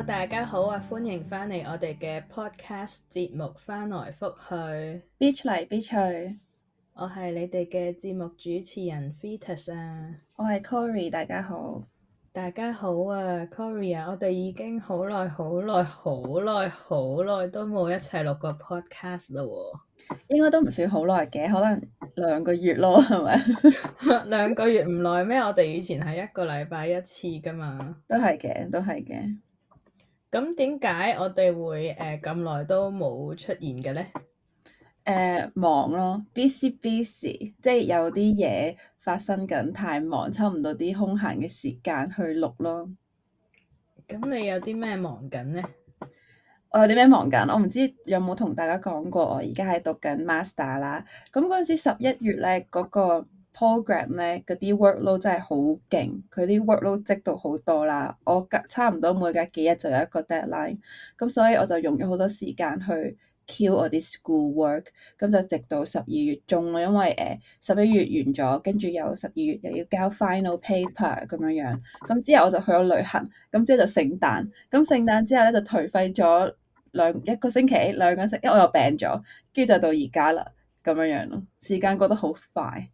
哦、大家好啊，歡迎返嚟我哋嘅 podcast 節目翻來覆去，Beach 嚟 Beach 去。去我係你哋嘅節目主持人 Fetus 啊，我係 Corey。大家好，大家好啊，Corey 啊，Corey，我哋已經好耐、哦、好耐、好耐、好耐都冇一齊錄過 podcast 咯。應該都唔算好耐嘅，可能兩個月咯，係咪？ 兩個月唔耐咩？我哋以前係一個禮拜一次噶嘛，都係嘅，都係嘅。咁點解我哋會誒咁耐都冇出現嘅咧？誒、呃，忙咯，busy busy，即係有啲嘢發生緊，太忙，抽唔到啲空閒嘅時間去錄咯。咁你有啲咩忙緊咧？我有啲咩忙緊？我唔知有冇同大家講過，我而家係讀緊 master 啦。咁嗰陣時十一月咧，嗰、嗰個。program 咧嗰啲 workload 真係好勁，佢啲 workload 積到好多啦。我隔差唔多每隔幾日就有一個 deadline，咁所以我就用咗好多時間去 kill 我啲 school work，咁就直到十二月中咯。因為誒十一月完咗，跟住又十二月又要交 final paper 咁樣樣，咁之後我就去咗旅行，咁之後就聖誕，咁聖誕之後咧就頹廢咗兩一個星期兩個星期，因為我又病咗，跟住就到而家啦咁樣樣咯。時間過得好快。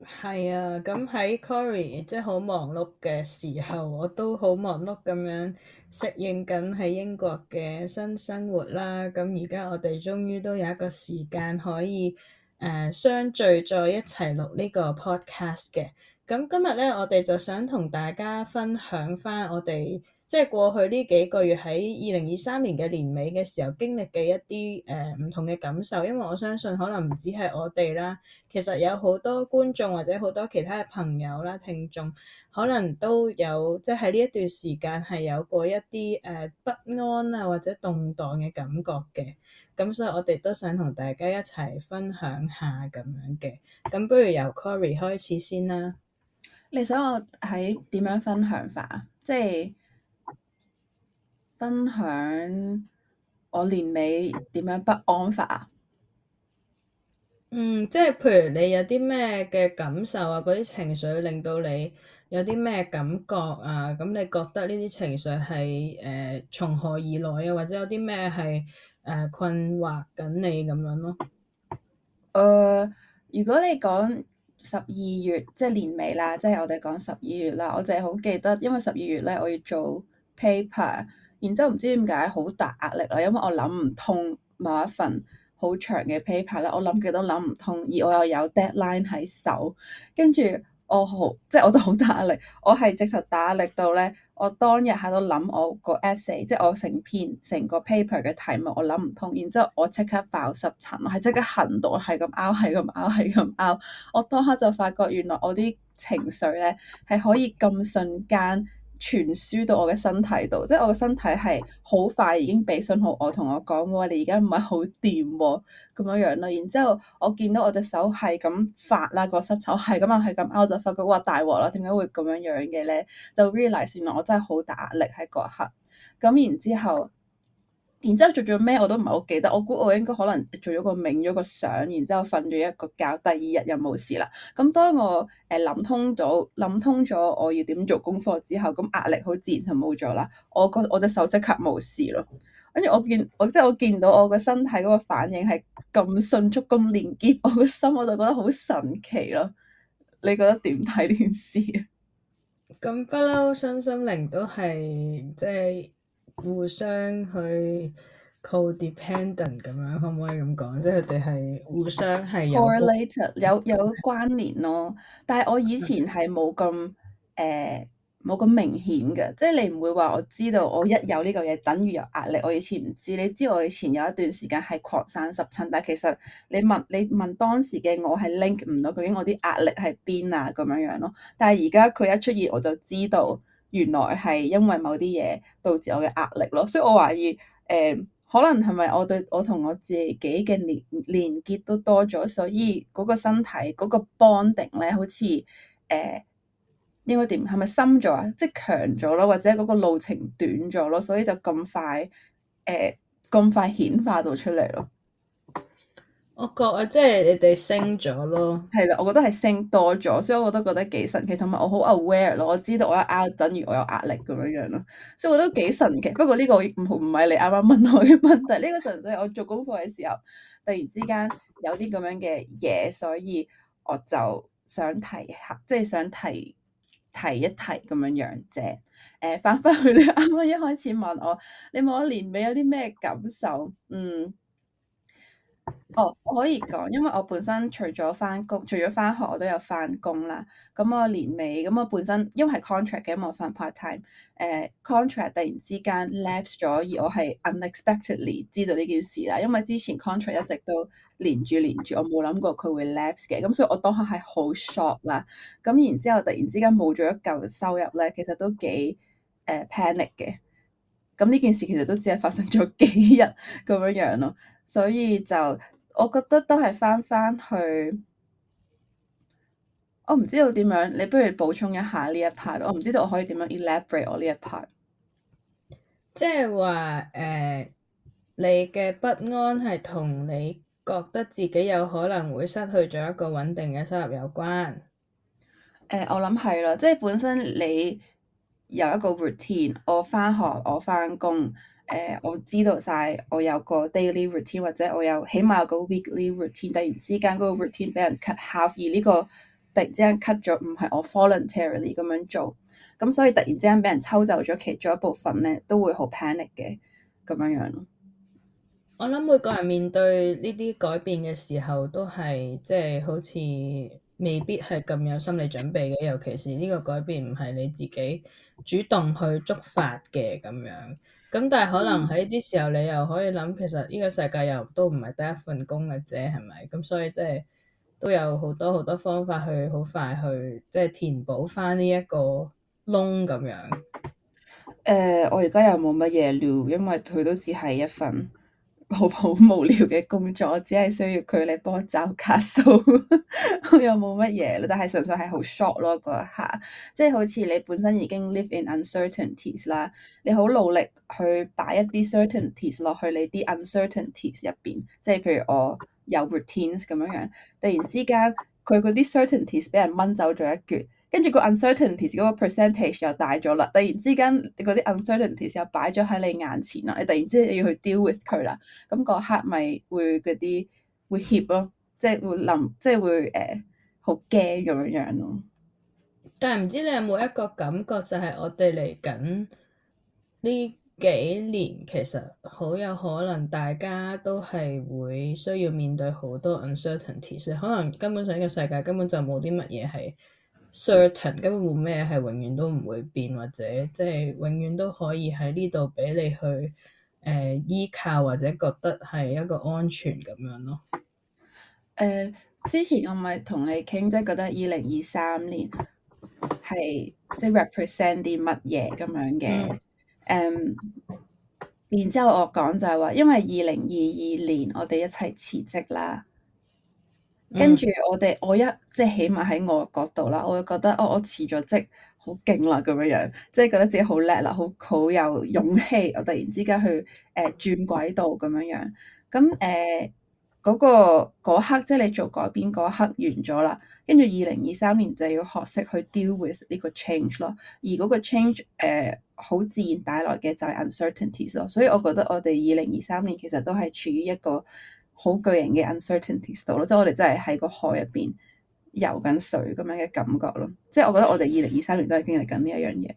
係啊，咁喺 Cory 即係好忙碌嘅時候，我都好忙碌咁樣適應緊喺英國嘅新生活啦。咁而家我哋終於都有一個時間可以誒、呃、相聚在一齊錄個呢個 podcast 嘅。咁今日咧，我哋就想同大家分享翻我哋。即係過去呢幾個月喺二零二三年嘅年尾嘅時候經歷嘅一啲誒唔同嘅感受，因為我相信可能唔止係我哋啦，其實有好多觀眾或者好多其他嘅朋友啦、聽眾，可能都有即係呢一段時間係有過一啲誒、呃、不安啊或者動盪嘅感覺嘅。咁所以我哋都想同大家一齊分享下咁樣嘅。咁不如由 Corey 開始先啦。你想我喺點樣分享法啊？即係。分享我年尾點樣不安法啊？嗯，即係譬如你有啲咩嘅感受啊？嗰啲情緒令到你有啲咩感覺啊？咁你覺得呢啲情緒係誒、呃、從何而來啊？或者有啲咩係誒困惑緊你咁樣咯？誒、呃，如果你講十二月即係、就是、年尾啦，即、就、係、是、我哋講十二月啦，我就係好記得，因為十二月咧，我要做 paper。然之後唔知點解好大壓力啦，因為我諗唔通某一份好長嘅 paper 咧，我諗極都諗唔通，而我又有 deadline 喺手，跟住我好，即係我都好大壓力。我係直頭打壓力到咧，我當日喺度諗我，我個 essay，即係我成篇成個 paper 嘅題目我諗唔通，然之後我即刻爆濕疹，係即刻痕到我，係咁拗，係咁拗，係咁拗。我當刻就發覺原來我啲情緒咧係可以咁瞬間。傳輸到我嘅身體度，即係我嘅身體係好快已經畀信號我同我講，你而家唔係好掂喎，咁樣樣咯。然之後我見到我隻手係咁發啦，個濕手係咁啊，係咁，我就發覺哇大鑊啦！點解會咁樣樣嘅咧？就 realize 原來我真係好大壓力喺嗰刻。咁然之後。然之後做咗咩我都唔係好記得，我估我應該可能做咗個冥咗個相，然之後瞓咗一個覺，第二日又冇事啦。咁當我誒諗、呃、通咗，諗通咗我要點做功課之後，咁壓力好自然就冇咗啦。我個我隻手即刻冇事咯。跟住我見我即係我見到我個身體嗰個反應係咁迅速咁連結，我個心我就覺得好神奇咯。你覺得點睇呢件事啊？咁不嬲身心靈都係即係。就是互相去 codependent 咁樣可唔可以咁講？即係佢哋係互相係 correlated, 有，有關聯咯。但係我以前係冇咁誒冇咁明顯嘅，即係你唔會話我知道我一有呢個嘢等於有壓力。我以前唔知，你知我以前有一段時間係擴散濕疹，但係其實你問你問當時嘅我係 link 唔到究竟我啲壓力係邊啊咁樣樣咯。但係而家佢一出現我就知道。原來係因為某啲嘢導致我嘅壓力咯，所以我懷疑誒、呃，可能係咪我對我同我自己嘅連連結都多咗，所以嗰個身體嗰、嗰個 bonding 咧，好似誒、呃、應該點？係咪深咗啊？即係強咗咯，或者嗰個路程短咗咯，所以就咁快誒，咁、呃、快顯化到出嚟咯。我覺啊，即係你哋升咗咯？係啦，我覺得係升多咗，所以我都覺得幾神奇，同埋我好 aware 咯，我知道我一 out 等於我有壓力咁樣樣咯，所以我都幾神奇。不過呢個唔唔係你啱啱問我嘅問題，呢個純粹我做功課嘅時候突然之間有啲咁樣嘅嘢，所以我就想提下，即係想提提一提咁樣樣啫。誒、呃，反翻去你啱啱一開始問我，你問我年尾有啲咩感受？嗯。哦，我、oh, 可以講，因為我本身除咗翻工，除咗翻學，我都有翻工啦。咁我年尾，咁我本身因為係 contract 嘅，因咁我翻 part time、uh。誒，contract 突然之間 lapse 咗，而我係 unexpectedly 知道呢件事啦。因為之前 contract 一直都連住連住，我冇諗過佢會 lapse 嘅。咁所以我當刻係好 shock 啦。咁然之後突然之間冇咗一嚿收入咧，其實都幾誒 panic 嘅。咁呢件事其實都只係發生咗幾日咁樣樣咯。所以就，我覺得都係翻返去，我唔知道點樣，你不如補充一下呢一 part。我唔知道我可以點樣 elaborate 我呢一 part。即係話誒，你嘅不安係同你覺得自己有可能會失去咗一個穩定嘅收入有關。誒，我諗係咯，即係本身你有一個 routine，我翻學，我翻工。誒，uh, 我知道晒，我有個 daily routine，或者我有起碼有個 weekly routine。突然之間，嗰個 routine 俾人 cut half，而呢個突然之間 cut 咗，唔係我 voluntarily 咁樣做。咁所以突然之間俾人抽走咗其中一部分咧，都會好 panic 嘅咁樣樣。我諗每個人面對呢啲改變嘅時候都，都係即係好似未必係咁有心理準備嘅，尤其是呢個改變唔係你自己主動去觸發嘅咁樣。咁、嗯、但係可能喺啲時候你又可以諗，其實呢個世界又都唔係得一份工嘅啫，係咪？咁所以即係都有好多好多方法去好快去即係填補翻呢一個窿咁樣。誒、呃，我而家又冇乜嘢料，因為佢都只係一份。好好無聊嘅工作，只係需要佢嚟幫我找卡數 又冇乜嘢。但係純粹係好 short 咯嗰下，即係好似你本身已經 live in uncertainties 啦，你好努力去擺一啲 certainties 落去你啲 uncertainties 入邊，即係譬如我有 routines 咁樣樣，突然之間佢嗰啲 certainties 俾人掹走咗一橛。跟住個 uncertainty 嗰個 percentage 又大咗啦，突然之間嗰啲 uncertainty 又擺咗喺你眼前啦。你突然之間要去 deal with 佢啦，咁嗰刻咪會嗰啲會怯咯，即係會諗，即係會誒好驚咁樣樣咯。但係唔知你有冇一個感覺，就係我哋嚟緊呢幾年其實好有可能大家都係會需要面對好多 uncertainty，即係可能根本上呢個世界根本就冇啲乜嘢係。Certain 根本冇咩係永遠都唔會變，或者即係永遠都可以喺呢度畀你去誒、呃、依靠，或者覺得係一個安全咁樣咯。誒，uh, 之前我咪同你傾，即、就、係、是、覺得二零二三年係即係 represent 啲乜嘢咁樣嘅。誒，Yeah. um, 然之後我講就係話，因為二零二二年我哋一齊辭職啦。嗯、跟住我哋，我一即係起碼喺我角度啦，我會覺得哦，我辭咗職好勁啦，咁樣樣，即係覺得自己好叻啦，好好有勇氣，我突然之間去誒轉軌道咁樣樣。咁誒嗰個嗰刻，即係你做改變嗰刻完咗啦，跟住二零二三年就要學識去 deal with 呢個 change 咯。而嗰個 change 誒、呃、好自然帶來嘅就係 uncertainties 咯。所以我覺得我哋二零二三年其實都係處於一個好巨型嘅 uncertainties 咯，即係我哋真係喺個海入邊游緊水咁樣嘅感覺咯。即係我覺得我哋二零二三年都係經歷緊呢一樣嘢。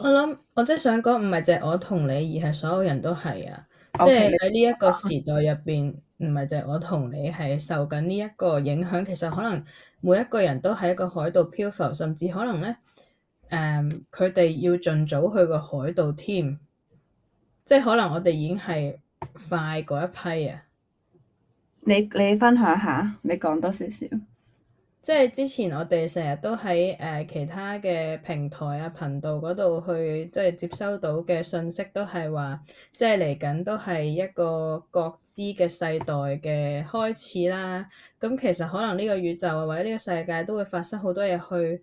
我諗我即係想講，唔係淨係我同你，而係所有人都係啊。即你喺呢一個時代入邊，唔係淨係我同你係受緊呢一個影響。其實可能每一個人都喺個海度漂浮，甚至可能咧誒，佢哋要盡早去個海度添。即係可能我哋已經係快嗰一批啊！你你分享下，你講多少少？即係之前我哋成日都喺誒、呃、其他嘅平台啊、頻道嗰度去，即係接收到嘅信息都係話，即係嚟緊都係一個各自嘅世代嘅開始啦。咁其實可能呢個宇宙啊或者呢個世界都會發生好多嘢去，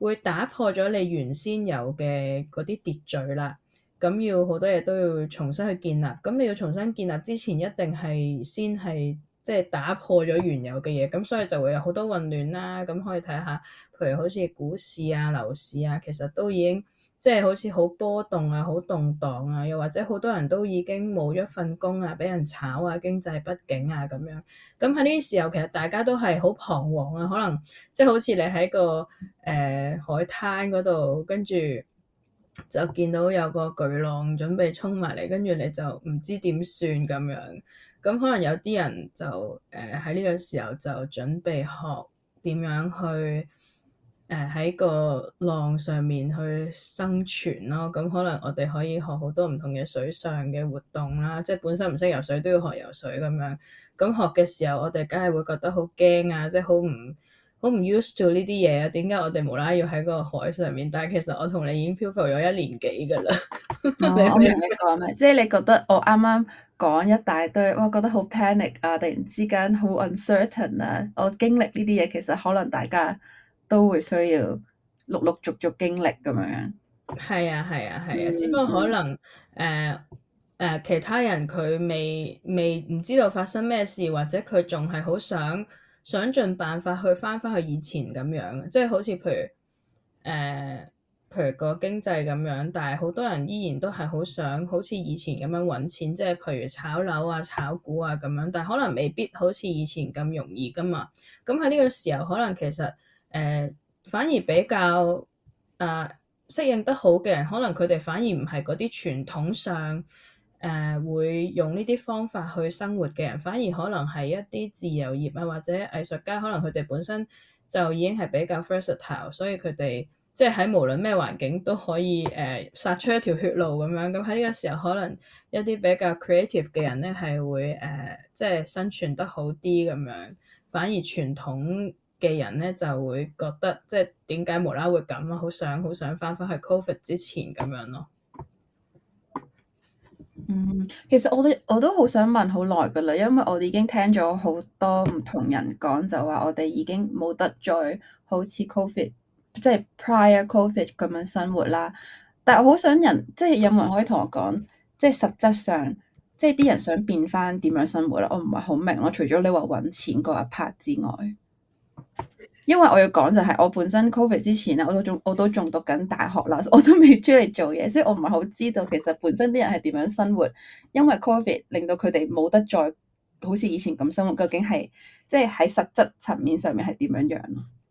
會打破咗你原先有嘅嗰啲秩序啦。咁要好多嘢都要重新去建立。咁你要重新建立之前，一定係先係。即係打破咗原有嘅嘢，咁所以就會有好多混亂啦。咁可以睇下，譬如好似股市啊、樓市啊，其實都已經即係、就是、好似好波動啊、好動盪啊，又或者好多人都已經冇咗份工啊，俾人炒啊，經濟不景啊咁樣。咁喺呢啲時候，其實大家都係好彷徨啊。可能即係好似你喺個誒、呃、海灘嗰度，跟住就見到有個巨浪準備衝埋嚟，跟住你就唔知點算咁樣。咁、嗯、可能有啲人就誒喺呢個時候就準備學點樣去誒喺、呃、個浪上面去生存咯。咁、嗯、可能我哋可以學好多唔同嘅水上嘅活動啦，即係本身唔識游水都要學游水咁樣。咁、嗯、學嘅時候，我哋梗係會覺得好驚啊，即係好唔～我唔 used to 呢啲嘢啊，點解我哋無啦啦要喺個海上面？但係其實我同你已經漂浮咗一年幾㗎喇。哦、 你有我明你講咩？即係你覺得我啱啱講一大堆，我覺得好 panic 啊！突然之間好 uncertain 啊！我經歷呢啲嘢，其實可能大家都會需要陸陸續續經歷咁樣。係啊，係啊，係啊！啊嗯、只不過可能誒誒、呃呃，其他人佢未未唔知道發生咩事，或者佢仲係好想。想盡辦法去翻返去以前咁樣，即係好似譬如誒、呃，譬如個經濟咁樣，但係好多人依然都係好想好似以前咁樣揾錢，即係譬如炒樓啊、炒股啊咁樣，但係可能未必好似以前咁容易㗎嘛。咁喺呢個時候，可能其實誒、呃、反而比較啊、呃、適應得好嘅人，可能佢哋反而唔係嗰啲傳統上。誒、呃、會用呢啲方法去生活嘅人，反而可能係一啲自由業啊，或者藝術家，可能佢哋本身就已經係比較 versatile 所以佢哋即係喺無論咩環境都可以誒殺、呃、出一條血路咁樣。咁喺呢個時候，可能一啲比較 creative 嘅人咧，係會誒、呃、即係生存得好啲咁樣，反而傳統嘅人咧就會覺得即係點解無啦會咁啊？好想好想翻返去 COVID 之前咁樣咯。嗯，其實我都我都好想問好耐噶啦，因為我哋已經聽咗好多唔同人講，就話我哋已經冇得再好似 Covid，即係 prior Covid 咁樣生活啦。但係我好想人，即係有冇人可以同我講，即係實質上，即係啲人想變翻點樣生活咧？我唔係好明咯，我除咗你話搵錢嗰一 part 之外。因為我要講就係我本身，Covid 之前啦，我都仲我都仲讀緊大學啦，我都未出嚟做嘢，所以我唔係好知道其實本身啲人係點樣生活。因為 Covid 令到佢哋冇得再好似以前咁生活，究竟係即係喺實質層面上面係點樣樣？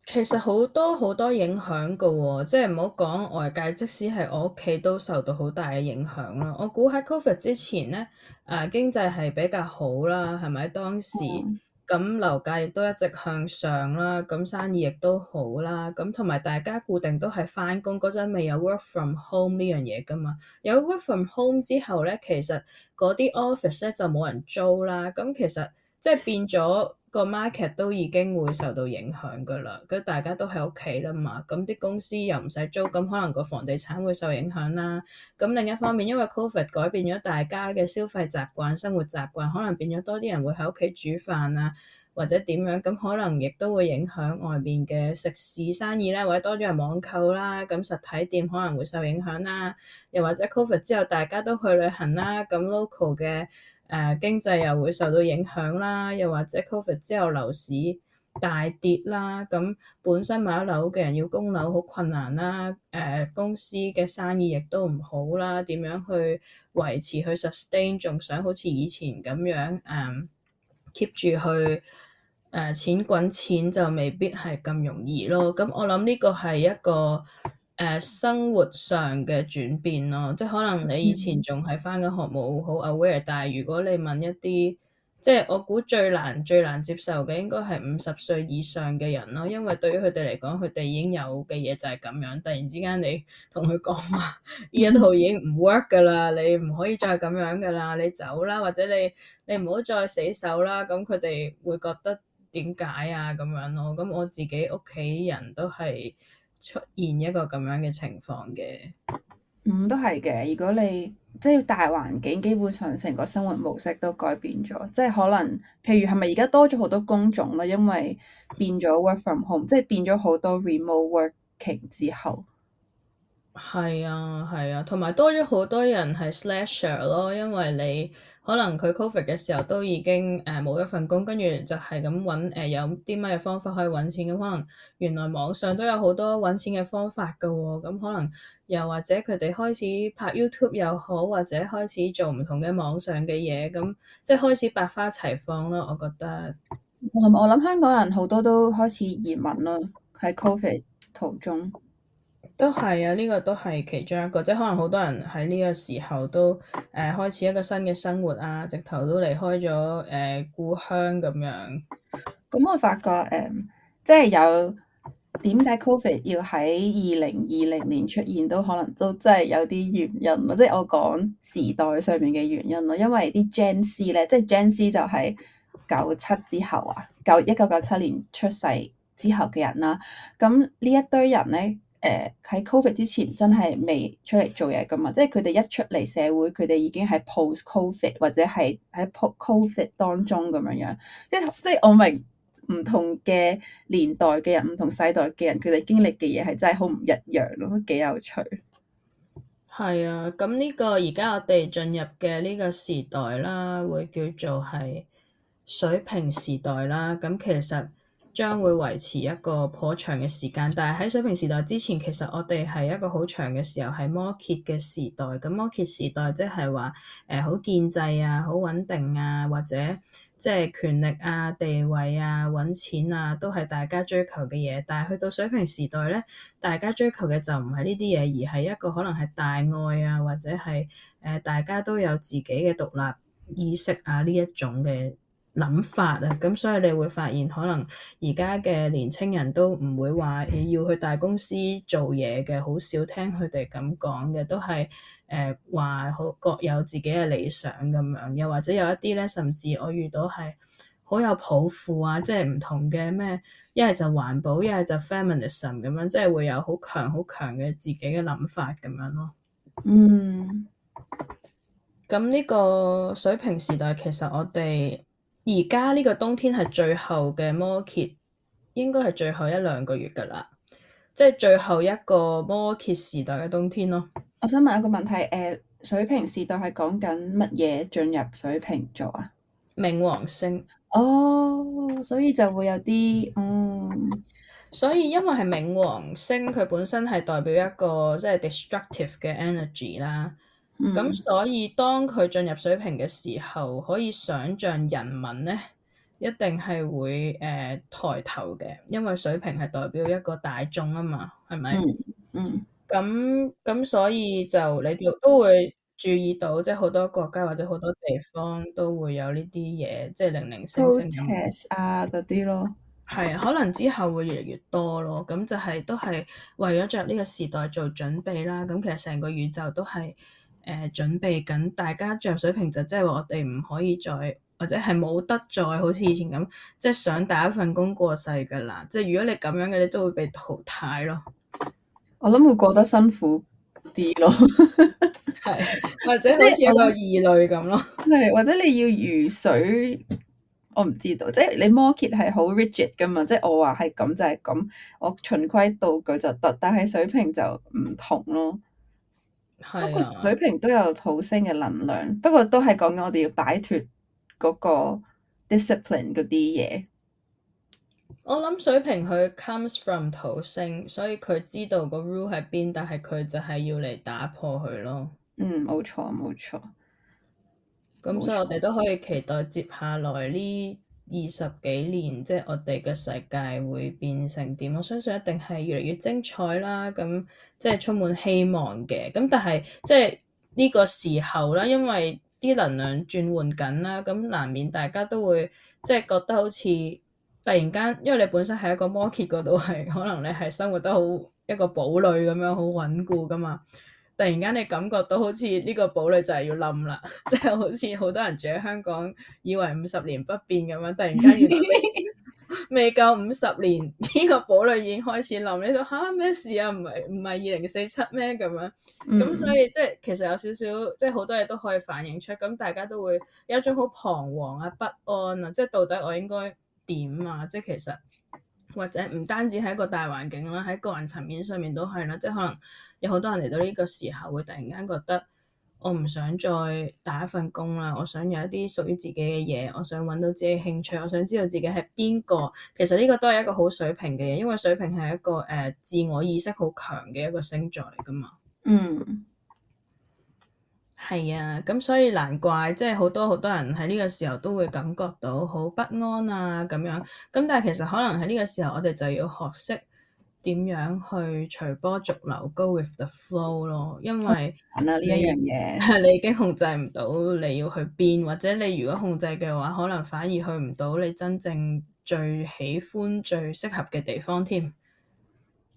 其實好多好多影響噶、哦，即係唔好講外界，即使係我屋企都受到好大嘅影響咯。我估喺 Covid 之前咧，誒、啊、經濟係比較好啦，係咪當時？哦咁樓價亦都一直向上啦，咁生意亦都好啦，咁同埋大家固定都係翻工嗰陣未有 work from home 呢樣嘢㗎嘛，有 work from home 之後咧，其實嗰啲 office 咧就冇人租啦，咁其實即係變咗。個 market 都已經會受到影響㗎啦，大家都喺屋企啦嘛，咁啲公司又唔使租，咁可能個房地產會受影響啦。咁另一方面，因為 covid 改變咗大家嘅消費習慣、生活習慣，可能變咗多啲人會喺屋企煮飯啊，或者點樣，咁可能亦都會影響外面嘅食肆生意啦，或者多咗人網購啦，咁實體店可能會受影響啦。又或者 covid 之後大家都去旅行啦，咁 local 嘅。誒經濟又會受到影響啦，又或者 COVID 之後樓市大跌啦，咁本身買樓嘅人要供樓好困難啦。誒公司嘅生意亦都唔好啦，點樣去維持去 sustain，仲想好似以前咁樣誒 keep 住去誒、啊、錢滾錢，就未必係咁容易咯。咁、嗯、我諗呢個係一個。Uh, 生活上嘅轉變咯，即係可能你以前仲係翻緊學冇好 aware，但係如果你問一啲，即係我估最難最難接受嘅，應該係五十歲以上嘅人咯，因為對於佢哋嚟講，佢哋已經有嘅嘢就係咁樣，突然之間你同佢講話呢一套已經唔 work 噶啦，你唔可以再咁樣噶啦，你走啦，或者你你唔好再死守啦，咁佢哋會覺得點解啊咁樣咯，咁我自己屋企人都係。出現一個咁樣嘅情況嘅，嗯，都係嘅。如果你即係大環境，基本上成個生活模式都改變咗，即係可能譬如係咪而家多咗好多工種啦，因為變咗 work from home，嗯，即係變咗好多 remote working 之後。係啊，係啊，同埋多咗好多人係 slasher 咯，因為你可能佢 Covid 嘅時候都已經誒冇一份工，跟住就係咁揾，誒、呃、有啲乜嘢方法可以揾錢咁、嗯，可能原來網上都有好多揾錢嘅方法噶，咁、嗯、可能又或者佢哋開始拍 YouTube 又好，或者開始做唔同嘅網上嘅嘢，咁、嗯、即係開始百花齊放咯，我覺得。我諗香港人好多都開始移民咯，喺 Covid 途中。都係啊，呢、這個都係其中一個，即係可能好多人喺呢個時候都誒、呃、開始一個新嘅生活啊，直頭都離開咗誒、呃、故鄉咁樣。咁、嗯、我發覺誒、嗯，即係有點解 Covid 要喺二零二零年出現，都可能都真係有啲原因咯。即係我講時代上面嘅原因咯，因為啲 Gen Z 咧，即係 Gen Z 就係九七之後啊，九一九九七年出世之後嘅人啦、啊。咁呢一堆人咧。誒喺、呃、Covid 之前真係未出嚟做嘢噶嘛，即係佢哋一出嚟社會，佢哋已經係 post Covid 或者係喺 post Covid 當中咁樣樣，即即係我明唔同嘅年代嘅人，唔同世代嘅人，佢哋經歷嘅嘢係真係好唔一樣咯，幾有趣。係啊，咁呢個而家我哋進入嘅呢個時代啦，會叫做係水平時代啦，咁其實，將會維持一個頗長嘅時間，但係喺水瓶時代之前，其實我哋係一個好長嘅時候，係摩羯嘅時代。咁摩羯時代即係話誒好建制啊、好穩定啊，或者即係權力啊、地位啊、揾錢啊，都係大家追求嘅嘢。但係去到水瓶時代咧，大家追求嘅就唔係呢啲嘢，而係一個可能係大愛啊，或者係誒、呃、大家都有自己嘅獨立意識啊呢一種嘅諗法啊，咁所以你會發現，可能而家嘅年輕人都唔會話要去大公司做嘢嘅，好少聽佢哋咁講嘅，都係誒話好各有自己嘅理想咁樣。又或者有一啲咧，甚至我遇到係好有抱負啊，即係唔同嘅咩，一係就環保，一係就 feminism 咁樣，即係會有好強好強嘅自己嘅諗法咁樣咯。嗯，咁呢、這個水平時代其實我哋。而家呢個冬天係最後嘅摩羯，應該係最後一兩個月㗎啦，即係最後一個摩羯時代嘅冬天咯。我想問一個問題，誒、呃、水瓶時代係講緊乜嘢進入水瓶座啊？冥王星。哦，oh, 所以就會有啲，嗯，所以因為係冥王星，佢本身係代表一個即係、就是、destructive 嘅 energy 啦。咁、嗯、所以當佢進入水平嘅時候，可以想象人民咧一定係會誒、呃、抬頭嘅，因為水平係代表一個大眾啊嘛，係咪、嗯？嗯。咁咁所以就你都都會注意到，即係好多國家或者好多地方都會有呢啲嘢，即、就、係、是、零零星星啊嗰啲咯。係 可能之後會越嚟越多咯。咁就係、是、都係為咗進入呢個時代做準備啦。咁其實成個宇宙都係。誒、呃、準備緊，大家著水平就即係話我哋唔可以再，或者係冇得再好似以前咁，即係想打一份工過世噶啦。即係如果你咁樣嘅，你都會被淘汰咯。我諗會過得辛苦啲咯，係 或者好似一個異類咁咯，咯，係或者你要如水，我唔知道，即係你 market 係好 rigid 噶嘛，即係我話係咁就係、是、咁，我循規蹈矩就得，但係水平就唔同咯。不過水瓶都有土星嘅能量，不過都係講緊我哋要擺脫嗰個 discipline 嗰啲嘢。我諗水瓶佢 comes from 土星，所以佢知道個 rule 喺邊，但係佢就係要嚟打破佢咯。嗯，冇錯冇錯。咁冇錯，所以我哋都可以期待接下來呢，二十幾年，即係我哋嘅世界會變成點？我相信一定係越嚟越精彩啦。咁即係充滿希望嘅。咁但係即係呢個時候啦，因為啲能量轉換緊啦，咁難免大家都會即係覺得好似突然間，因為你本身喺一個摩羯嗰度係，可能你係生活得好一個堡壘咁樣，好穩固㗎嘛。突然間你感覺到好似呢個堡壘就係要冧啦，即係好似好多人住喺香港以為五十年不變咁樣，突然間 未夠五十年呢個堡壘已經開始冧，你都嚇咩事啊？唔係唔係二零四七咩咁樣？咁、嗯、所以即係其實有少少即係好多嘢都可以反映出，咁大家都會有一種好彷徨啊不安啊，即係到底我應該點啊？即係其實。或者唔單止係一個大環境啦，喺個人層面上面都係啦，即係可能有好多人嚟到呢個時候會突然間覺得我唔想再打一份工啦，我想有一啲屬於自己嘅嘢，我想揾到自己興趣，我想知道自己係邊個。其實呢個都係一個好水平嘅嘢，因為水平係一個誒、呃、自我意識好強嘅一個星座嚟噶嘛。嗯。係啊，咁所以難怪即係好多好多人喺呢個時候都會感覺到好不安啊咁樣。咁但係其實可能喺呢個時候我哋就要學識點樣去隨波逐流，go with the flow 咯。因為啊呢一樣嘢，係 你已經控制唔到，你要去邊，或者你如果控制嘅話，可能反而去唔到你真正最喜歡、最適合嘅地方添。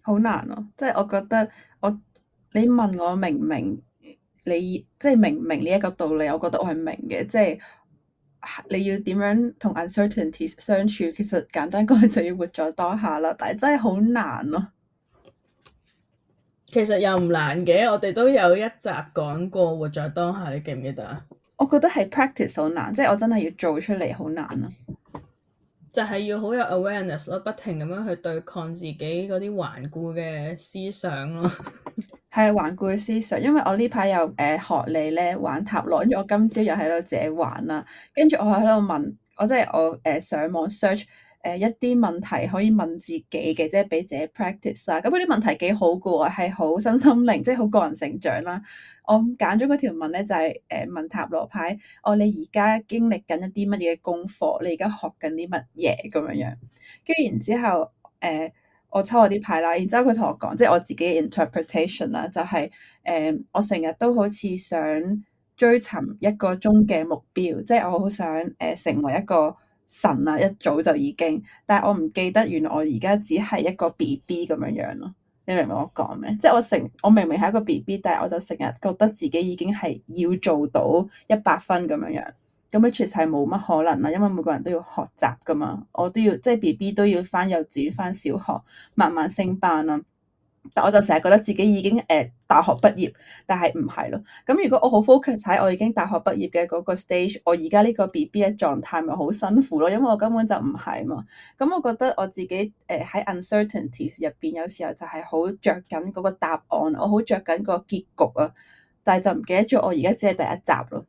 好難咯，難啊、即係我覺得我你問我明唔明。你即係明唔明呢一個道理，我覺得我係明嘅。即係你要點樣同 uncertainties 相處？其實簡單講就要活在當下啦，但係真係好難咯，啊。其實又唔難嘅，我哋都有一集講過活在當下，你記唔記得啊？我覺得係 practice 好難，即係我真係要做出嚟好難啊！就係要好有 awareness 咯，不停咁樣去對抗自己嗰啲頑固嘅思想咯。 係環顧嘅思想，因為我呢排又誒、呃、學你咧玩塔羅，跟住我今朝又喺度自己玩啦。跟住我喺度問，我即係我誒、呃、上網 search 誒一啲問題可以問自己嘅，即係俾自己 practice 啦、啊。咁嗰啲問題幾好嘅喎，係好身心靈，即係好個人成長啦。我揀咗嗰條問咧就係、是、誒、呃、問塔羅牌，我、哦、你而家經歷緊一啲乜嘢功課？你而家學緊啲乜嘢咁樣樣？跟住然之後誒。呃我抽我啲牌啦，然之後佢同我講，即係我自己嘅 interpretation 啦，就係、是、誒、呃，我成日都好似想追尋一個終極目標，即係我好想誒、呃、成為一個神啊，一早就已經，但係我唔記得原來我而家只係一個 BB 咁樣樣咯，你明唔明我講咩？即係我成，我明明係一個 BB，但係我就成日覺得自己已經係要做到一百分咁樣樣。咁其實係冇乜可能啦，因為每個人都要學習㗎嘛，我都要即係、就是、B B 都要返幼稚園返小學，慢慢升班啦。但我就成日覺得自己已經誒、呃、大學畢業，但係唔係咯。咁如果我好 focus 喺我已經大學畢業嘅嗰個 stage，我而家呢個 B B 嘅狀態咪好辛苦咯，因為我根本就唔係嘛。咁、嗯、我覺得我自己誒喺、呃、uncertainty 入邊，有時候就係好着緊嗰個答案，我好着緊個結局啊。但係就唔記得咗，我而家只係第一集咯。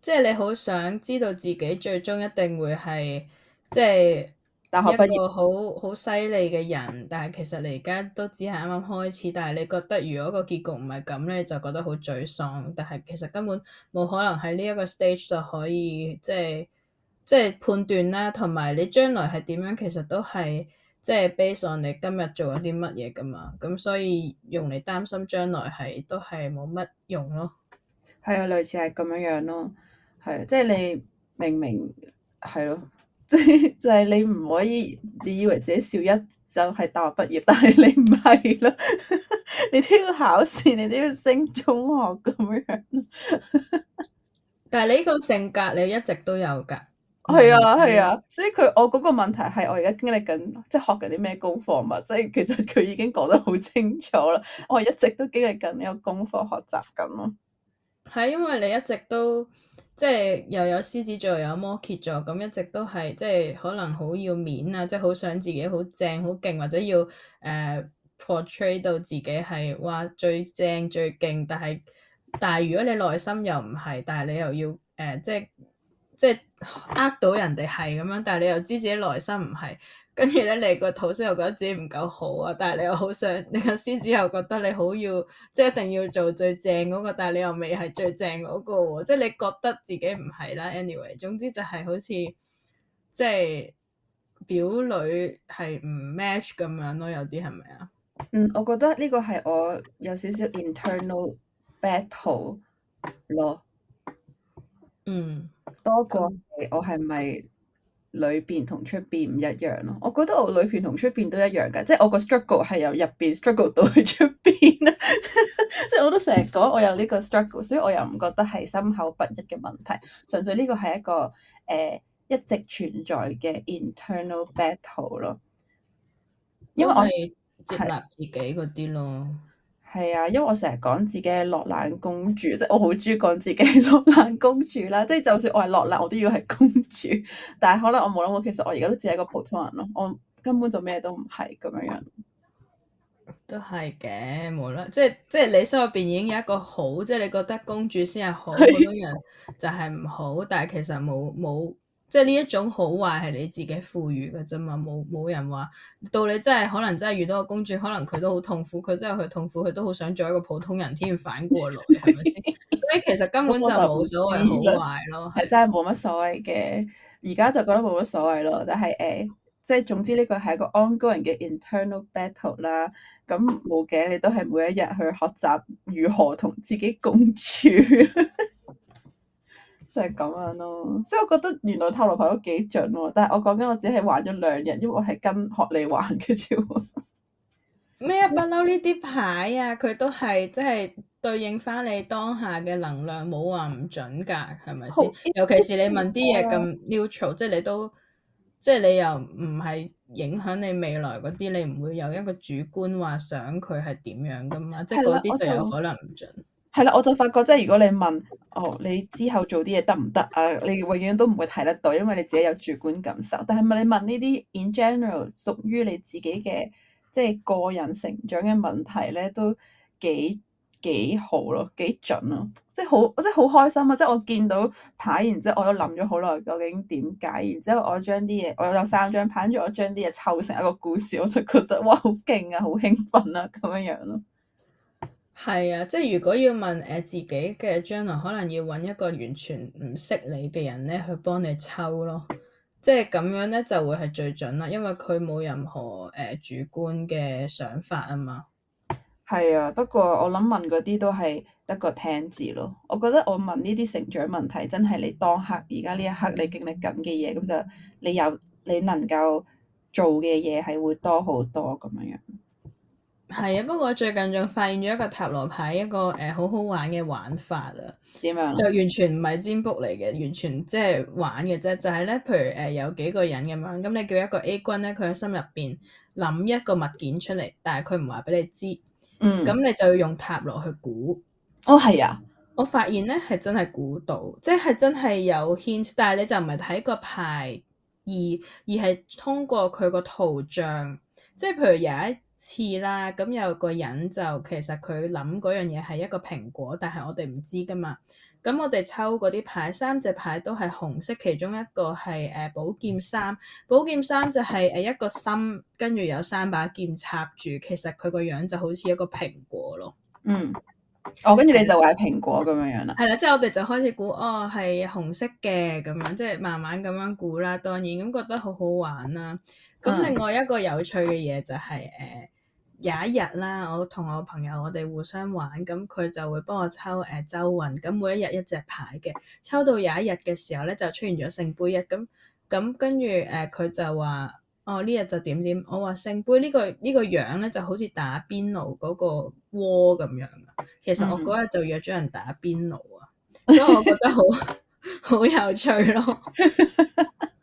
即係你好想知道自己最終一定會係即係大學一個好好犀利嘅人，但係其實你而家都只係啱啱開始。但係你覺得如果個結局唔係咁咧，就覺得好沮喪。但係其實根本冇可能喺呢一個 stage 就可以即係即係判斷啦，同埋你將來係點樣，其實都係即係 base on 你今日做咗啲乜嘢噶嘛。咁所以用嚟擔心將來係都係冇乜用咯。係啊，類似係咁樣樣咯。係，即係、就是、你明明係咯，即係就係、是、你唔可以，你以為自己小一就係大學畢業，但係你唔係咯， 你都要考試，你都要升中學咁樣。 但係你呢個性格，你一直都有噶。係啊，係啊，所以佢我嗰個問題係我而家經歷緊，即、就、係、是、學緊啲咩功課嘛？所以其實佢已經講得好清楚啦。我一直都經歷緊呢個功課學習咁咯。係，因為你一直都。即係又有獅子座又有摩羯座，咁一直都係即係可能好要面啊，即係好想自己好正好勁，或者要誒、uh, portray 到自己係話最正最勁。但係但係如果你內心又唔係，但係你又要誒、uh, 即即呃到人哋係咁樣，但係你又知自己內心唔係。跟住咧，你個土星又覺得自己唔夠好啊，但係你又好想你個獅子又覺得你好要，即係一定要做最正嗰個，但係你又未係最正嗰個喎、啊，即係你覺得自己唔係啦。Anyway，總之就係好似即係表裏係唔 match 咁樣咯、啊，有啲係咪啊？是是嗯，我覺得呢個係我有少少 internal battle 咯。嗯，多過係我係咪？裏邊同出邊唔一樣咯，我覺得我裏邊同出邊都一樣噶，即係我個 struggle 係由入邊 struggle 到去出邊啦， 即係我都成日講我有呢個 struggle，所以我又唔覺得係心口不一嘅問題，純粹呢個係一個誒、呃、一直存在嘅 internal battle 咯，因為我係接納自己嗰啲咯。係啊，因為我成日講自己係落難公主，即係我好中意講自己落難公主啦。即係就算我係落難，我都要係公主。但係可能我冇諗過，其實我而家都只係一個普通人咯。我根本就咩都唔係咁樣樣。都係嘅，冇啦。即係即係你心入邊已經有一個好，即係你覺得公主先係好，好多人就係唔好。但係其實冇冇。即係呢一種好壞係你自己賦予嘅啫嘛，冇冇人話到你。真係可能真係遇到個公主，可能佢都好痛苦，佢真係去痛苦，佢都好想做一個普通人添。反過來係咪先？所以 其實根本就冇所謂 好壞咯，係真係冇乜所謂嘅。而家就覺得冇乜所謂咯，但係誒、欸，即係總之呢個係一個 ongoing 嘅 internal battle 啦。咁冇嘅，你都係每一日去學習如何同自己共處。 即係咁樣咯，所、so, 以我覺得原來塔羅牌都幾準喎。但係我講緊我只係玩咗兩日，因為我係跟學你玩嘅啫咩啊？不嬲呢啲牌啊，佢都係即係對應翻你當下嘅能量，冇話唔準㗎，係咪先？好尤其是你問啲嘢咁 neutral，即係你都即係、就是、你又唔係影響你未來嗰啲，你唔會有一個主觀話想佢係點樣㗎嘛？即係嗰啲就有、是、可能唔準。係啦，我就發覺即係如果你問，哦，你之後做啲嘢得唔得啊？你永遠都唔會睇得到，因為你自己有主觀感受。但係問你問呢啲，in general，屬於你自己嘅，即係個人成長嘅問題咧，都幾幾好咯，幾準咯，即係好，即係好開心啊！即係我見到牌，然之後我都諗咗好耐，究竟點解？然之後我將啲嘢，我有三張牌，跟住我將啲嘢湊成一個故事，我就覺得哇，好勁啊，好興奮啊，咁樣樣咯～係啊，即係如果要問誒、呃、自己嘅將來，可能要揾一個完全唔識你嘅人咧，去幫你抽咯，即係咁樣咧就會係最準啦，因為佢冇任何誒、呃、主觀嘅想法啊嘛。係啊，不過我諗問嗰啲都係得個聽字咯。我覺得我問呢啲成長問題，真係你當刻而家呢一刻你經歷緊嘅嘢，咁就你有你能夠做嘅嘢係會多好多咁樣樣。係啊，不過最近仲發現咗一個塔羅牌一個誒、呃、好好玩嘅玩法啊。點樣？就完全唔係占卜嚟嘅，完全即係玩嘅啫。就係咧，譬如誒、呃、有幾個人咁樣，咁你叫一個 A 君咧，佢喺心入邊諗一個物件出嚟，但係佢唔話俾你知。嗯。咁你就要用塔羅去估。哦，係啊，我發現咧係真係估到，即係真係有 hint 但係你就唔係睇個牌，而而係通過佢個圖像，即係譬如有一。似啦，咁有個人就其實佢諗嗰樣嘢，係一個蘋果，但係我哋唔知噶嘛。咁我哋抽嗰啲牌，三隻牌都係紅色，其中一個係誒寶劍三，寶劍三就係誒一個心，跟住有三把劍插住，其實佢個樣就好似一個蘋果咯。嗯，哦，跟住你就話蘋果咁，嗯，樣樣啦。係啦，即係我哋就開始估，哦，係紅色嘅，咁樣，即係慢慢咁樣估啦。當然咁覺得好好玩啦。咁、嗯、另外一個有趣嘅嘢就係、是、誒、呃、有一日啦，我同我朋友我哋互相玩，咁佢就會幫我抽誒、呃、周運，咁每一日一隻牌嘅，抽到有一日嘅時候咧就出現咗聖杯一，咁咁跟住誒佢就話哦，呢日就點點，我話聖杯呢、這個呢、這個樣咧就好似打邊爐嗰個鍋咁樣啊，其實我嗰日就約咗人打邊爐啊，嗯、所以我覺得好好有趣咯。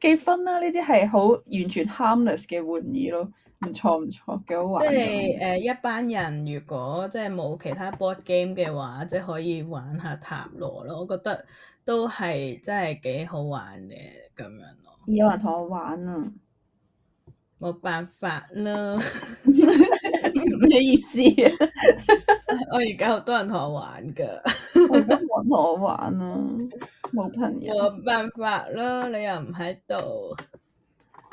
結婚啦，呢啲係好完全 harmless 嘅玩意咯，唔錯唔錯，幾好玩。即係誒，一班人如果即係冇其他 board game 嘅話，即係可以玩下塔羅咯。我覺得都係真係幾好玩嘅咁樣咯。有人同我玩啊，冇辦法啦，咩 意思啊？ 我而家好多人同我玩噶，冇 同我，我玩啊。冇朋友，冇辦法咯！你又唔喺度，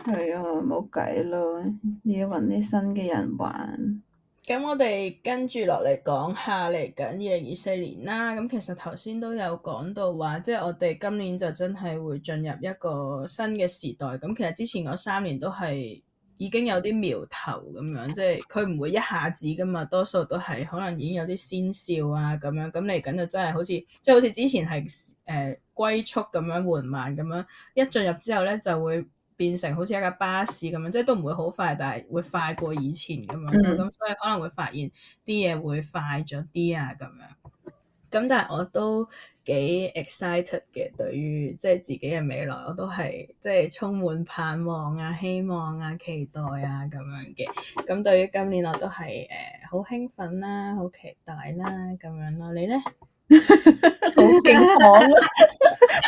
係啊，冇計咯，要揾啲新嘅人玩。咁我哋跟住落嚟講下嚟緊二零二四年啦。咁其實頭先都有講到話，即係我哋今年就真係會進入一個新嘅時代。咁其實之前嗰三年都係。已經有啲苗頭咁樣，即係佢唔會一下子噶嘛，多數都係可能已經有啲先兆啊咁樣，咁嚟緊就真係好似，即係好似之前係誒龜速咁樣緩慢咁樣，一進入之後咧就會變成好似一架巴士咁樣，即係都唔會好快，但係會快過以前咁樣，咁、mm hmm. 所以可能會發現啲嘢會快咗啲啊咁樣，咁但係我都。幾 excited 嘅，對於即係自己嘅未來，我都係即係充滿盼望啊、希望啊、期待啊咁樣嘅。咁對於今年我都係誒好興奮啦、啊、好期待啦、啊、咁樣咯。你咧好勁講，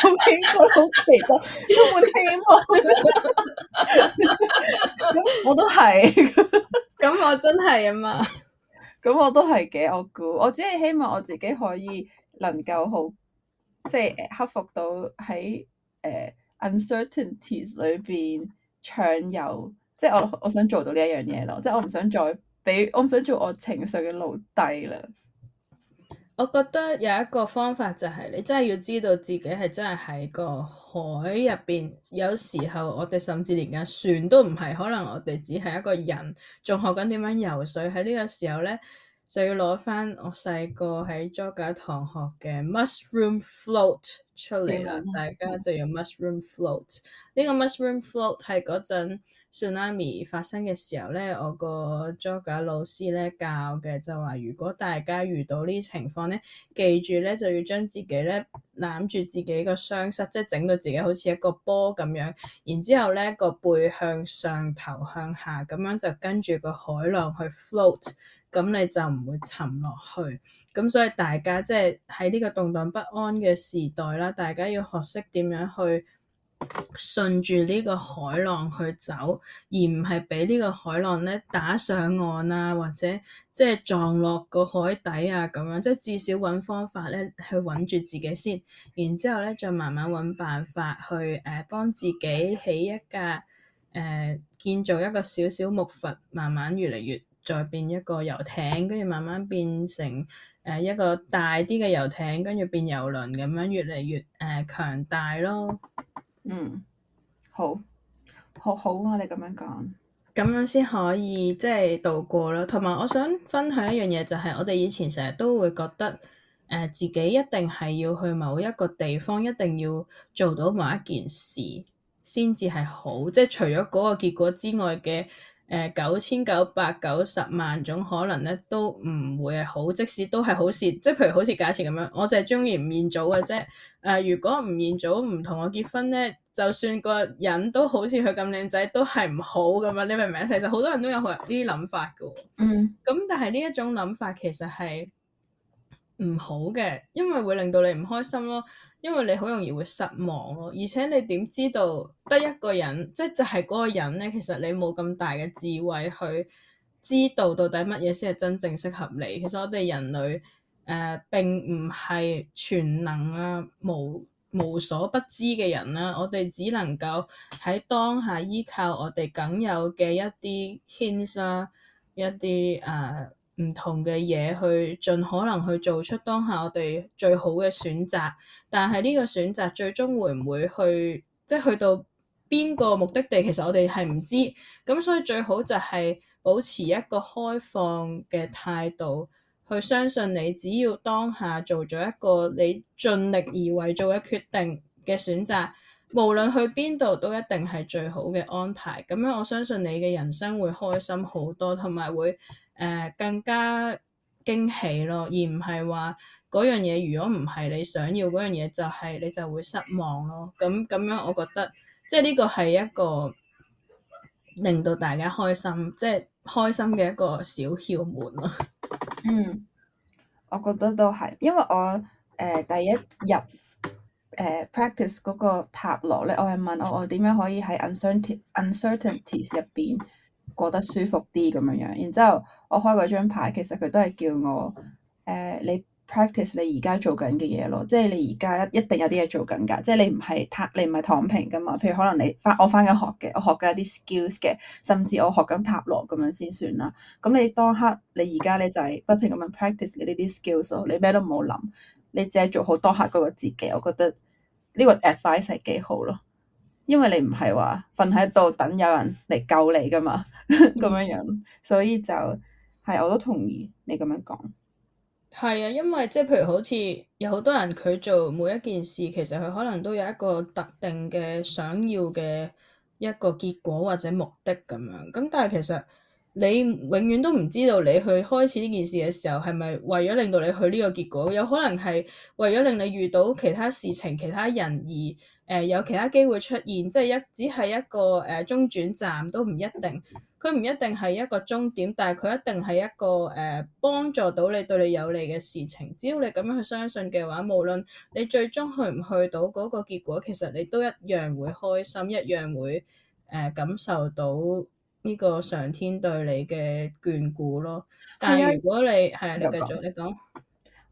好勁講，好 期待，充滿希望 我也是 我 我。我都係，咁我真係啊嘛。咁我都係幾惡估，我只係希望我自己可以能夠好。即係克服到喺 uncertainties 裏邊暢遊，即係，uh，我我想做到呢一樣嘢咯。即係我唔想再俾我唔想做我情緒嘅奴隸啦。我覺得有一個方法就係你真係要知道自己係真係喺個海入邊。有時候我哋甚至連架船都唔係，可能我哋只係一個人，仲學緊點樣游水喺呢個時候咧。就要攞翻我細個喺瑜伽堂學嘅 mushroom float 出嚟啦！的大家就要 mushroom float。呢個 mushroom float 係嗰陣 tsunami 發生嘅時候咧，我個瑜伽老師咧教嘅就話：如果大家遇到呢情況咧，記住咧就要將自己咧攬住自己個雙膝，即係整到自己好似一個波咁樣。然之後咧個背向上，頭向下，咁樣就跟住個海浪去 float。咁你就唔會沉落去，咁所以大家即係喺呢個動盪不安嘅時代啦，大家要學識點樣去順住呢個海浪去走，而唔係俾呢個海浪咧打上岸啊，或者即係撞落個海底啊咁樣，即係至少揾方法咧去穩住自己先，然之後咧再慢慢揾辦法去誒幫自己起一架誒建造一個小小木筏，慢慢越嚟越。再變一個遊艇，跟住慢慢變成誒一個大啲嘅遊艇，跟住變郵輪咁樣越越，越嚟越誒強大咯。嗯，好，好好，啊，我哋咁樣講，咁樣先可以即係，就是，度過咯。同埋，我想分享一樣嘢，就係，是，我哋以前成日都會覺得誒、呃，自己一定係要去某一個地方，一定要做到某一件事先至係好，即係除咗嗰個結果之外嘅。誒，九千九百九十萬種可能咧，都唔會係好，即使都係好事，即係譬如好似假設咁樣，我就係中意吳彥祖嘅啫。誒、呃，如果吳彥祖唔同我結婚咧，就算個人都好似佢咁靚仔，都係唔好咁樣！你明唔明？其實好多人都有呢啲諗法噶。嗯。咁、嗯、但係呢一種諗法其實係唔好嘅，因為會令到你唔開心咯。因為你好容易會失望咯，而且你點知道得一個人，即就係、係、嗰個人咧？其實你冇咁大嘅智慧去知道到底乜嘢先係真正適合你。其實我哋人類誒、呃、並唔係全能啊、無無所不知嘅人啦、啊，我哋只能夠喺當下依靠我哋僅有嘅一啲 hints 啦一啲誒。Uh, 唔同嘅嘢去，盡可能去做出當下我哋最好嘅選擇。但係呢個選擇最終會唔會去，即係去到邊個目的地，其實我哋係唔知。咁所以最好就係保持一個開放嘅態度，去相信你只要當下做咗一個你盡力而為做嘅決定嘅選擇，無論去邊度都一定係最好嘅安排。咁樣我相信你嘅人生會開心好多，同埋會。誒、uh, 更加驚喜咯，而唔係話嗰樣嘢，如果唔係你想要嗰樣嘢，就係，就係你就會失望咯。咁咁樣，我覺得即係呢個係一個令到大家開心，即係開心嘅一個小竅門咯。嗯，我覺得都係，因為我誒、呃、第一日誒、呃、practice 嗰個塔羅咧，我係問我我點樣可以喺 un uncertainty uncertainties 入邊，過得舒服啲咁樣樣，然之後我開嗰張牌，其實佢都係叫我誒、呃，你 practice 你而家做緊嘅嘢咯，即係你而家一定有啲嘢做緊㗎，即係你唔係你唔係躺平㗎嘛。譬如可能你翻我翻緊學嘅，我學緊一啲 skills 嘅，甚至我學緊塔羅咁樣先算啦。咁你當刻你而家咧就係不停咁樣 practice 你呢啲 skills 咯，你咩都冇諗，你只係做好當刻嗰個自己。我覺得呢個 advice 係幾好咯。因為你唔係話瞓喺度等有人嚟救你㗎嘛，咁 樣樣，所以就係我都同意你咁樣講。係啊，因為即係譬如好似有好多人佢做每一件事，其實佢可能都有一個特定嘅想要嘅一個結果或者目的咁樣。咁但係其實你永遠都唔知道你去開始呢件事嘅時候係咪為咗令到你去呢個結果，有可能係為咗令你遇到其他事情、其他人而，誒、呃、有其他機會出現，即係一、只係一個誒、呃、中轉站都唔一定，佢唔一定係一個終點，但係佢一定係一個誒、呃、幫助到你對你有利嘅事情。只要你咁樣去相信嘅話，無論你最終去唔去到嗰個結果，其實你都一樣會開心，一樣會誒、呃、感受到呢個上天對你嘅眷顧咯。但係如果你係、啊啊、你繼續你講。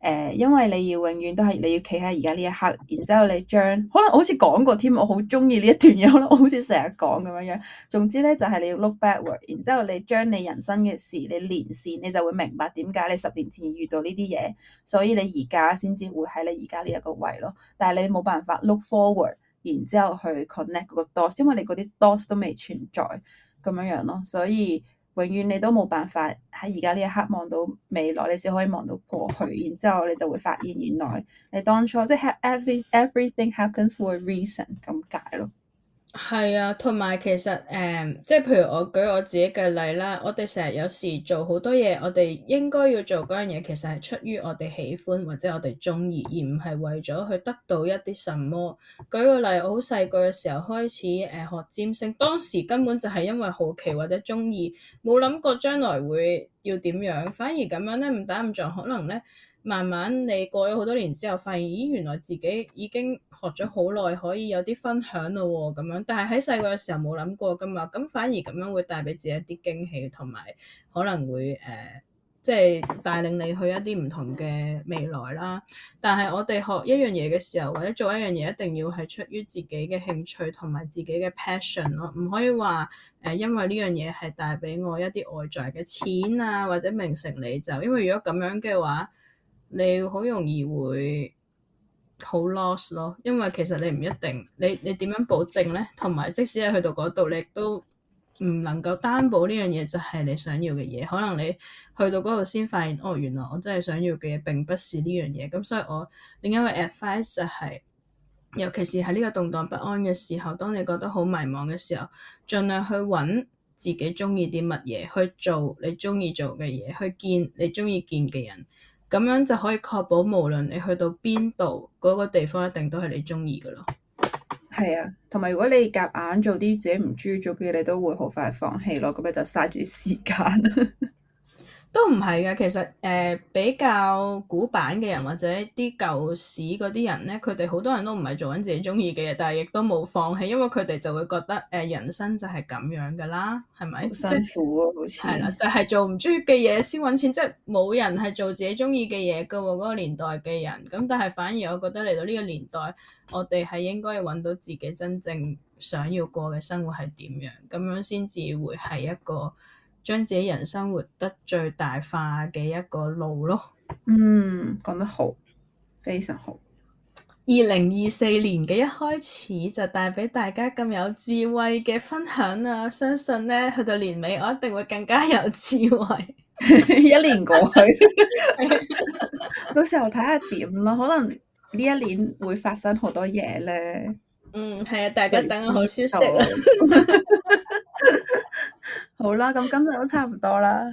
誒，因為你要永遠都係你要企喺而家呢一刻，然之後你將可能我好似講過添，我好中意呢一段嘢咯，我好似成日講咁樣樣。總之咧，就係你要 look backward，然之後你將你人生嘅事你連線，你就會明白點解你十年前遇到呢啲嘢，所以你而家先至會喺你而家呢一個位咯。但係你冇辦法 look forward，然之後去 connect 嗰個 dots，因為你嗰啲 dots 都未存在咁樣樣咯，所以。.永遠你都冇辦法喺而家呢一刻望到未來，你只可以望到過去，然之後你就會發現原來你當初 即係 every Everything happens for a reason 咁解咯。係啊，同埋其實誒、呃，即係譬如我舉我自己嘅例啦，我哋成日有時做好多嘢，我哋應該要做嗰樣嘢，其實係出於我哋喜歡或者我哋中意，而唔係為咗去得到一啲什麼。舉個例，我好細個嘅時候開始誒、呃、學占星，當時根本就係因為好奇或者中意，冇諗過將來會要點樣，反而咁樣咧唔打唔撞，可能咧。慢慢你過咗好多年之後，發現咦，原來自己已經學咗好耐，可以有啲分享咯喎、哦，咁樣。但係喺細個嘅時候冇諗過㗎嘛，咁反而咁樣會帶俾自己一啲驚喜，同埋可能會誒，即、呃、係、就是、帶領你去一啲唔同嘅未來啦。但係我哋學一樣嘢嘅時候，或者做一樣嘢，一定要係出於自己嘅興趣同埋自己嘅 passion 咯，唔可以話誒、呃，因為呢樣嘢係帶俾我一啲外在嘅錢啊，或者名成利就，因為如果咁樣嘅話，你好容易會好 lost 咯，因為其實你唔一定你你點樣保證呢？同埋即使喺去到嗰度，你都唔能夠擔保呢樣嘢就係你想要嘅嘢。可能你去到嗰度先發現，哦，原來我真係想要嘅嘢並不是呢樣嘢。咁所以我另一個 advice 就係，尤其是喺呢個動盪不安嘅時候，當你覺得好迷茫嘅時候，盡量去揾自己中意啲乜嘢去做，你中意做嘅嘢，去見你中意見嘅人。咁樣就可以確保，無論你去到邊度，嗰個地方一定都係你鍾意嘅咯。係啊，同埋如果你夾硬做啲自己唔鍾意做嘅嘢，你都會好快放棄咯。咁樣就嘥住時間。 都唔係噶，其實誒、呃、比較古板嘅人或者啲舊時嗰啲人咧，佢哋好多人都唔係做緊自己中意嘅嘢，但係亦都冇放棄，因為佢哋就會覺得誒、呃、人生就係咁樣噶啦，係咪？好辛苦啊，好似係啦，就係、是、做唔中意嘅嘢先揾錢，即係冇人係做自己中意嘅嘢噶喎。嗰、那個年代嘅人，咁但係反而我覺得嚟到呢個年代，我哋係應該要揾到自己真正想要過嘅生活係點樣，咁樣先至會係一個。將自己人生活得最大化嘅一個路咯，嗯，講得好，非常好。二零二四年嘅一開始就帶俾大家咁有智慧嘅分享啊！相信咧去到年尾，我一定會更加有智慧。 一年過去， 到時候睇下點咯，可能呢一年會發生好多嘢咧。嗯，係啊，大家等我好消息。 好啦，咁今日都差唔多啦。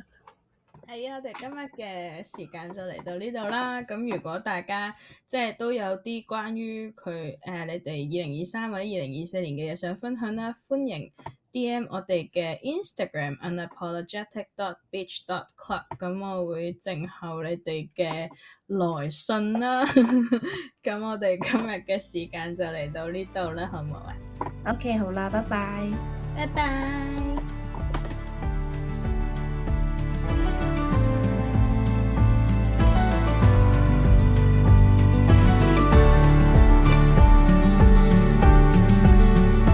係啊、哎，我哋今日嘅時間就嚟到呢度啦。咁如果大家即係都有啲關於佢誒，你哋二零二三或者二零二四年嘅嘢想分享啦，歡迎 D M 我哋嘅 Instagram unapologetic d dot beach dot club。咁我會靜候你哋嘅來信啦。咁 我哋今日嘅時間就嚟到呢度啦，好唔好啊？OK，好啦，拜拜。拜拜。